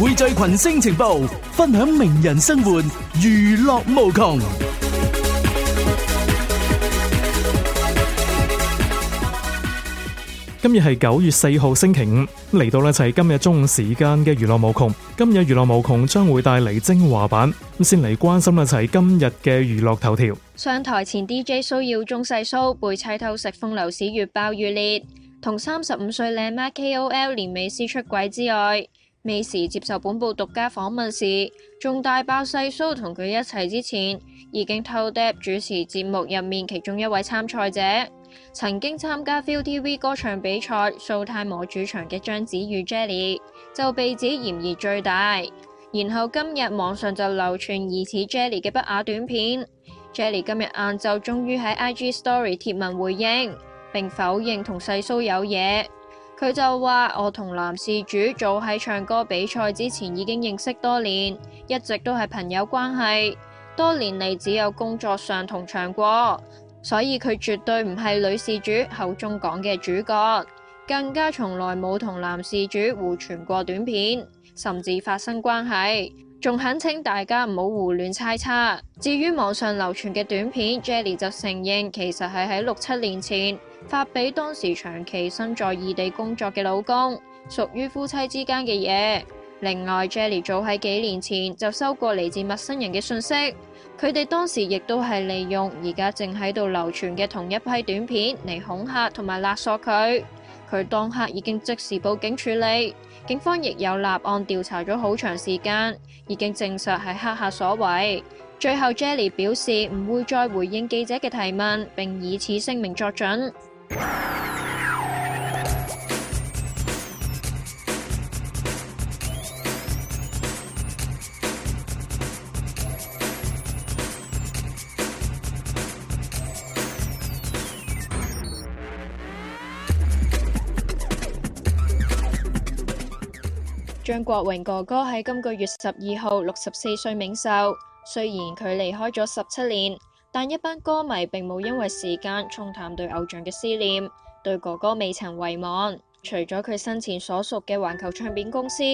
匯聚群星情報，分享名人生活，娛樂無窮。今日係九月四號星期五，嚟到呢就係今日中午時間嘅娛樂無窮。今日娛樂無窮將會帶嚟精華版。先嚟關心一齊今日嘅娛樂頭條。上台前 DJ 需要中細蘇背妻偷食，風流史越爆越烈。同三十五歲靚媽 KOL 年尾私出軌之外。未時接受本報獨家訪問時，仲大爆細蘇同佢一齊之前，已經偷搭主持節目入面其中一位參賽者，曾經參加 ViuTV 歌唱比賽素太模主場嘅張子宇 Jelly，就被指嫌疑最大。然後今日網上就流傳疑似 Jelly 嘅不雅短片，Jelly 今日晏晝終於喺 IG Story 貼文回應，並否認同細蘇有嘢。佢就話：我同男事主早喺唱歌比賽之前已經認識多年，一直都係朋友關係，多年嚟只有工作上同唱過，所以佢絕對唔係女事主口中講嘅主角，更加從來冇同男事主互傳過短片，甚至發生關係，仲懇請大家唔好胡亂猜測。至於網上流傳嘅短片，Jenny 就承認其實係喺六七年前。發俾當時長期身在異地工作嘅老公，屬於夫妻之間嘅嘢。另外，Jelly 早喺幾年前就收過嚟自陌生人嘅信息，佢哋當時亦都係利用而家正喺度流傳嘅同一批短片嚟恐嚇同埋勒索佢。佢當刻已經即時報警處理，警方亦有立案調查咗好長時間，已經證實係黑客所為。最後，Jelly 表示唔會再回應記者嘅提問，並以此聲明作準。張國榮哥哥喺今個月十二號，六十四歲，冥壽，雖然佢離開咗十七年。但一班歌迷並冇因為時間沖淡對偶像嘅思念，對哥哥未曾遺忘。除咗佢生前所屬嘅環球唱片公司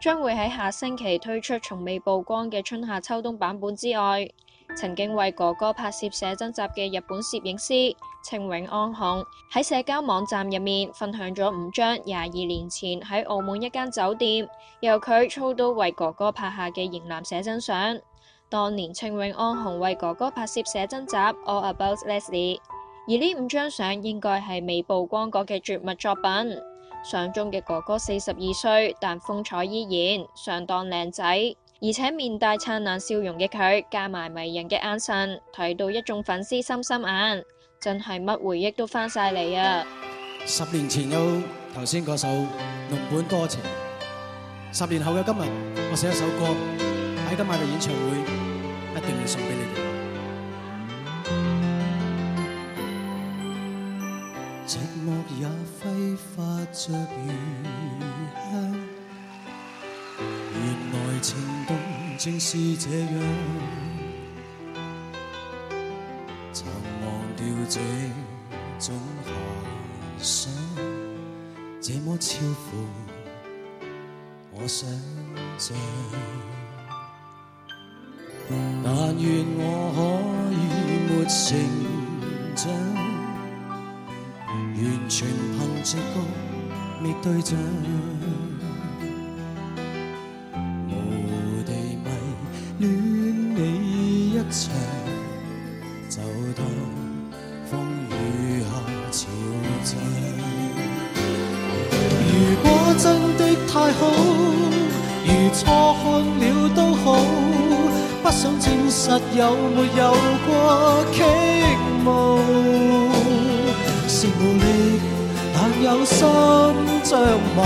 將會喺下星期推出從未曝光嘅春夏秋冬版本之外，曾經為哥哥拍攝寫真集嘅日本攝影師清永安雄喺社交網站入面分享咗五張廿二年前喺澳門一間酒店由佢操刀為哥哥拍下嘅型男寫真相。當年稱永安雄為哥哥拍攝寫真集 All About Leslie，而呢五張相應該係未曝光過嘅絕密作品。相中嘅哥哥四十二歲，但風采依然，相當靚仔，而且面帶燦爛笑容嘅佢，加埋迷人嘅眼神，睇到一眾粉絲心心眼，真係乜回憶都翻晒嚟啊！十年前有頭先嗰首《儂本多情》，十年後嘅今日，我寫一首歌。喺今日嘅演唱會，一定會送俾你。寂寞也揮發着餘香，原來情動正是這樣。曾忘掉這種遐想，這麼超乎我想象。但願我可以沒成長，完全憑直覺覓對象，模糊地迷戀你一場，就當風雨下潮漲。如果真的太好，如錯看了都好。想證實有沒有過傾慕，是無力，但有心像謎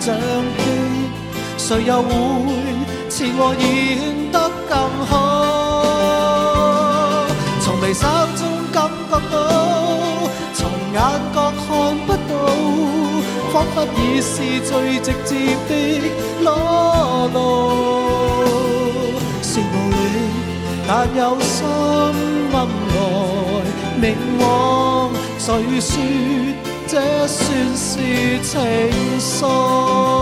像戲，誰又會似我演得更好？從眉梢中感覺到，從眼角看不到，彷彿已是最直接的裸露。但有心暗來明往。誰說這算是情愫？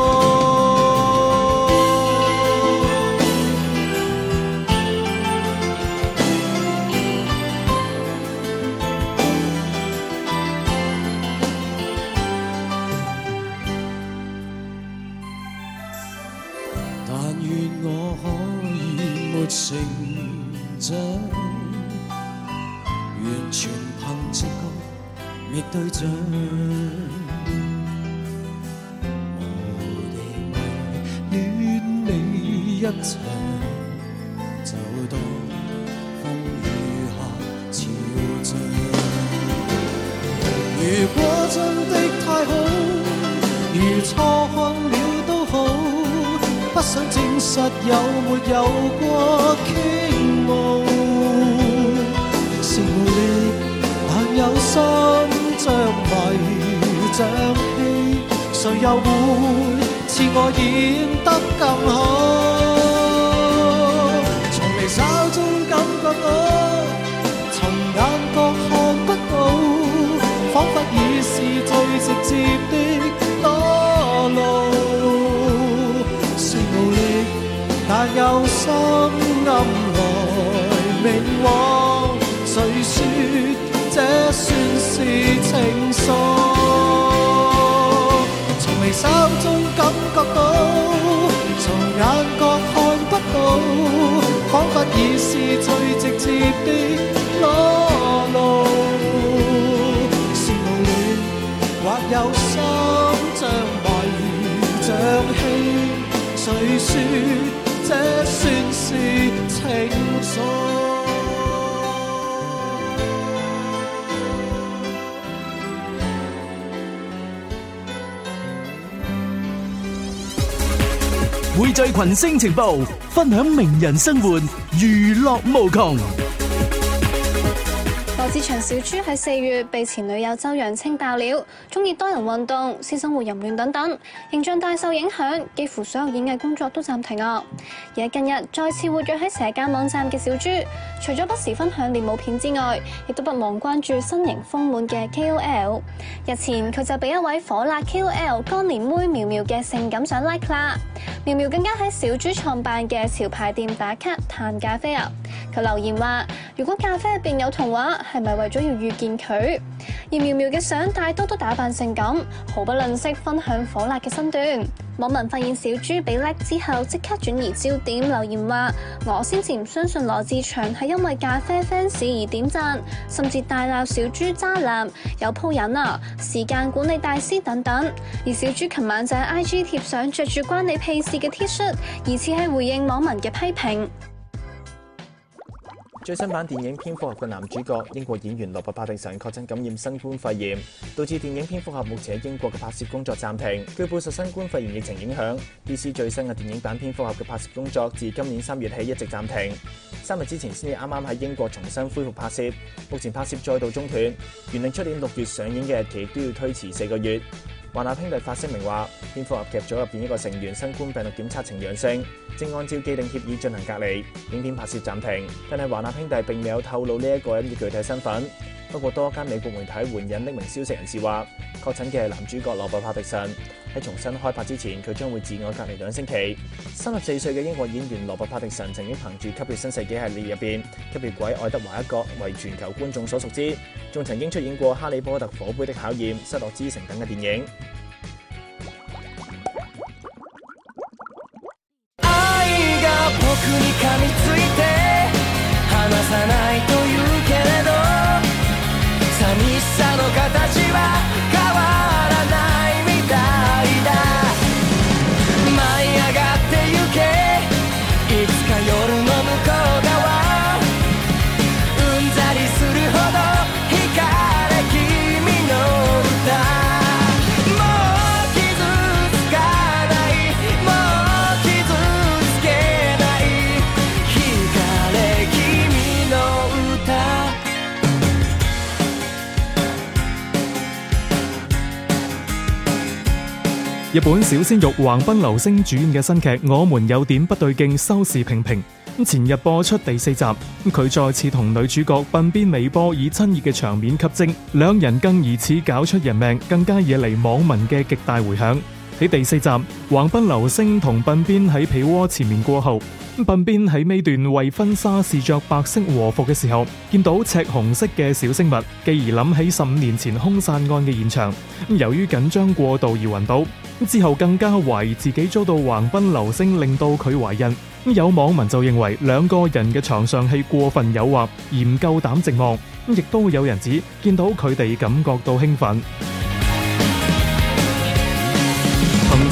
面對著，模糊地迷戀你一場，走到風雨下潮漲。如果真的太好，如錯看了都好，不想證實有沒有過傾慕。誰又會似我演得更好？從微笑中感覺到，從眼角看不到，彷彿已是最直接的裸露。說無力，但有心暗來明往。誰説這算是情愫？心中感覺到，從眼角看不到，彷彿已是最直接的裸露。是無戀或有心像像，像懷疑像戲，誰説這算是情愫？匯聚群星情報，分享名人生活，娛樂無窮。自長小豬喺四月被前女友周揚青爆料，中意多人運動、私生活淫亂等等，形象大受影響，幾乎所有演藝工作都暫停啊！而喺近日再次活躍喺社交網站嘅小豬，除咗不時分享練舞片之外，亦都不忘關注身形豐滿嘅 K O L。日前佢就俾一位火辣 K O L 干年妹苗苗嘅性感相 like 啦。苗苗更加喺小豬創辦嘅潮牌店打卡歎咖啡啊！佢留言話：如果咖啡入邊有童話，係咪為咗要遇見佢？而苗苗嘅相大多都打扮成咁，毫不吝惜分享火辣嘅身段。網民發現小豬俾叻之後，即刻轉移焦點留言話：我先至唔相信羅志祥係因為咖啡 fans 而點讚，甚至大鬧小豬渣男有鋪癮啊，時間管理大師等等。而小豬琴晚就喺 IG 貼上着住關你屁事嘅 T 恤，疑似係回應網民嘅批評。最新版電影《蝙蝠俠》嘅男主角英國演員羅拔·柏迪臣確診感染新冠肺炎，導致電影《蝙蝠俠》目前喺英國嘅拍攝工作暫停。據報，受新冠肺炎疫情影響，DC 最新嘅電影版《蝙蝠俠》嘅拍攝工作，自今年三月起一直暫停，三日之前先至啱啱喺英國重新恢復拍攝，目前拍攝再度中斷，原定出年六月上映嘅日期都要推遲四個月。華納兄弟發聲明話，蝙蝠俠劇組入邊一個成員新冠病毒檢測呈陽性，正按照既定協議進行隔離，影片拍攝暫停。但係華納兄弟並未有透露呢一個人嘅具體身份。不過，多間美國媒體援引匿名消息人士話，確診嘅係男主角羅伯帕迪臣，喺重新開拍之前，佢將會自我隔離兩星期。三十四歲嘅英國演員羅伯帕迪臣曾經憑住《吸血新世紀》系列入邊《吸血鬼愛德華》一角為全球觀眾所熟知，仲曾經出演過《哈利波特：火杯的考驗》、《失落之城》等嘅電影。日本小鮮肉橫濱流星主演嘅新劇《我們有點不對勁》收視平平，前日播出第四集，佢再次同女主角濱邊美波以親熱嘅場面吸睛，兩人更疑似搞出人命，更加惹嚟網民嘅極大回響。喺第四集，橫濱流星同笨邊喺被窩纏綿過後，笨邊喺尾段為婚紗試着白色和服嘅時候，見到赤紅色嘅小生物，繼而諗起十五年前兇殺案嘅現場，由於緊張過度而暈倒，之後更加懷疑自己遭到橫濱流星令到佢懷孕。有網民就認為兩個人嘅床上戲過分誘惑，而唔夠膽直望，亦都有人指見到佢哋感覺到興奮。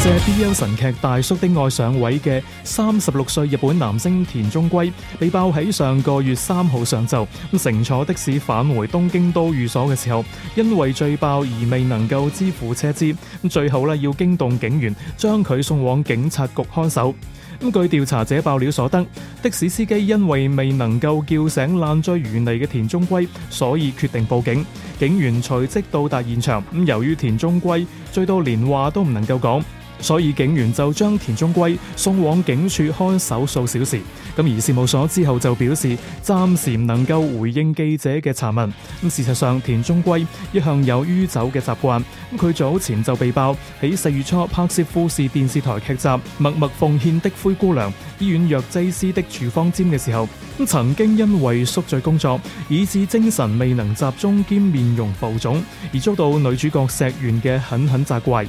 借 B.L. 神劇《大叔的愛》上位嘅三十六歲日本男星田中圭，被爆喺上個月三號上晝乘坐的士返回東京都寓所嘅時候，因為醉爆而未能夠支付車資，最後咧要驚動警員將佢送往警察局看守。咁據調查者爆料所得，的士司機因為未能夠叫醒爛醉如泥嘅田中圭，所以決定報警。警員隨即到達現場，咁由於田中圭醉到連話都唔能夠講。所以警員就將田中圭送往警署看守數小時，咁而事務所之後就表示暫時唔能夠回應記者嘅查問。咁事實上，田中圭一向有酗酒嘅習慣，咁佢早前就被爆喺四月初拍攝富士電視台劇集《默默奉獻的灰姑娘》醫院藥劑師的處方箋》嘅時候，咁曾經因為宿醉工作，以致精神未能集中兼面容浮腫，而遭到女主角石原嘅狠狠責怪。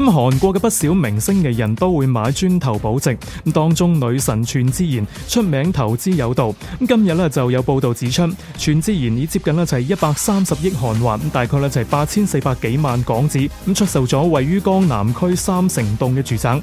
咁韓國嘅不少明星藝人都會買磚頭保值，咁當中女神全智賢出名投資有道，今日咧就有報導指出，全智賢已接近咧就係一百三十億韓元，大概咧就係八千四百幾萬港紙，咁出售咗位於江南區三成洞嘅住宅。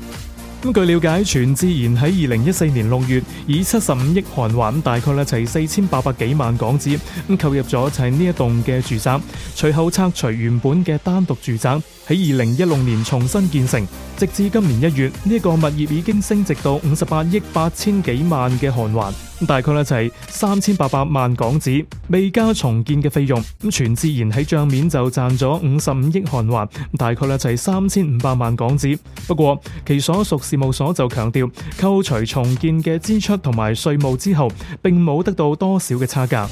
咁據了解，全智賢喺二零一四年六月以七十五億韓圜，大概啦，即係四千八百幾萬港紙咁購入咗即係呢一棟嘅住宅，隨後拆除原本嘅單獨住宅，喺二零一六年重新建成，直至今年一月呢個物業已經升值到五十八億八千幾萬嘅韓圜。大概就係三千八百萬港紙，未加重建嘅費用，咁全自然喺賬面就賺咗五十五億韓元，大概就係三千五百萬港紙。不過其所屬事務所就強調，扣除重建嘅支出同埋稅務之後，並冇得到多少嘅差價。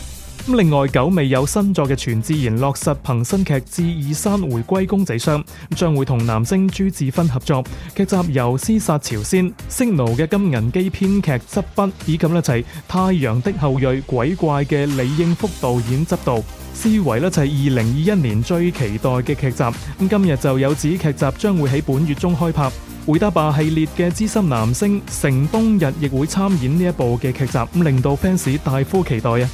另外久未有新作嘅全智賢落實憑新劇《智異山》回歸公仔箱，將會同男星朱智勳合作。劇集由《屍殺朝鮮》、《Signal》嘅金銀姬編劇執筆，以及一齊《太陽的後裔》、《鬼怪》嘅李應福導演執導，視為就係二零二一年最期待嘅劇集。咁今日就有指劇集將會喺本月中開拍。《回答吧》系列嘅資深男星成東日亦會參演呢一部嘅劇集，咁令到 fans 大呼期待啊！